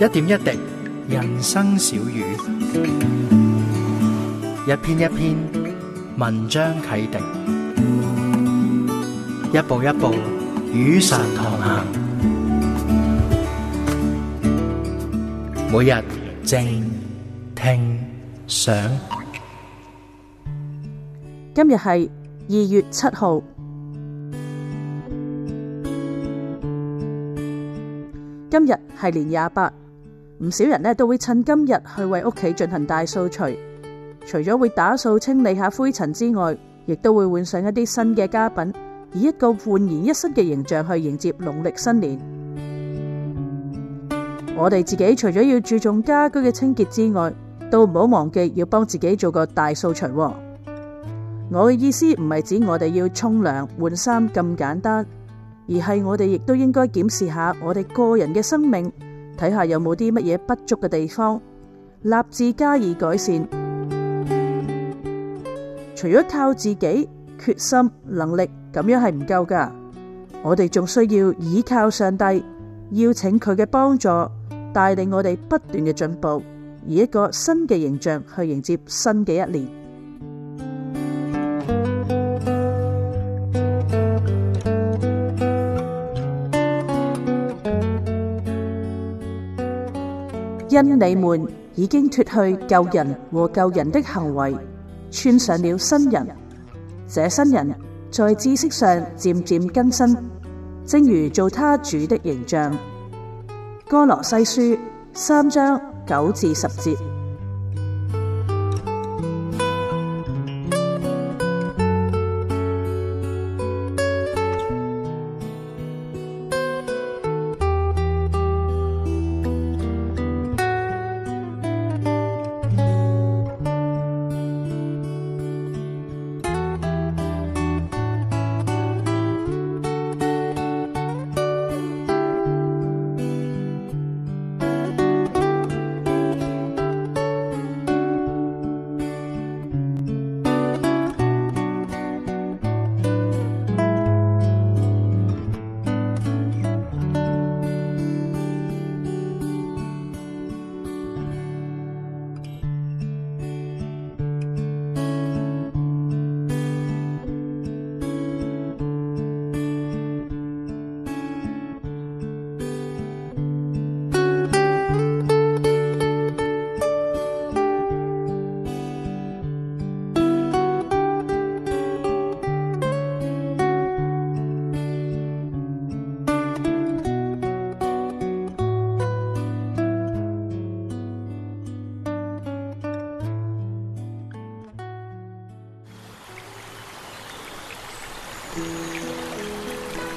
一點一滴，人生小語；一篇一篇，文章啟迪；一步一步，雨傘同行。每日靜聽想，今日係二月七號，今日係年廿八。唔少人咧都會趁今日去為屋企進行大掃除，除咗會打掃清理下灰塵之外，亦都會換上一啲新嘅家品，以一個煥然一新嘅形象去迎接農曆新年。我哋自己除咗要注重家居嘅清潔之外，都唔好忘記要幫自己做個大掃除。我嘅意思唔係指我哋要沖涼、換衫咁簡單，而係我哋亦都應該檢視下我哋個人嘅生命。睇下有冇啲乜嘢不足嘅地方，立志加以改善。除咗靠自己決心能力，咁樣係唔夠噶，我哋仲需要倚靠上帝，邀請佢嘅幫助，帶領我哋不斷嘅進步，以一個新嘅形象去迎接新嘅一年。因你們已經脫去舊人和舊人的行為，穿上了新人。這新人在知識上漸漸更新，正如造他主的形像。哥羅西書三章九至十節。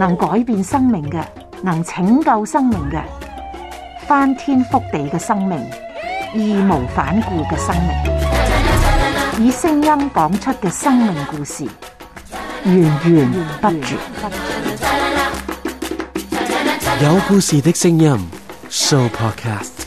能改變生命嘅，能拯救生命嘅，翻天覆地嘅生命，義無反顧嘅生命，以聲音講出嘅生命故事，源源不絕。有故事的聲音，Sooo Podcast。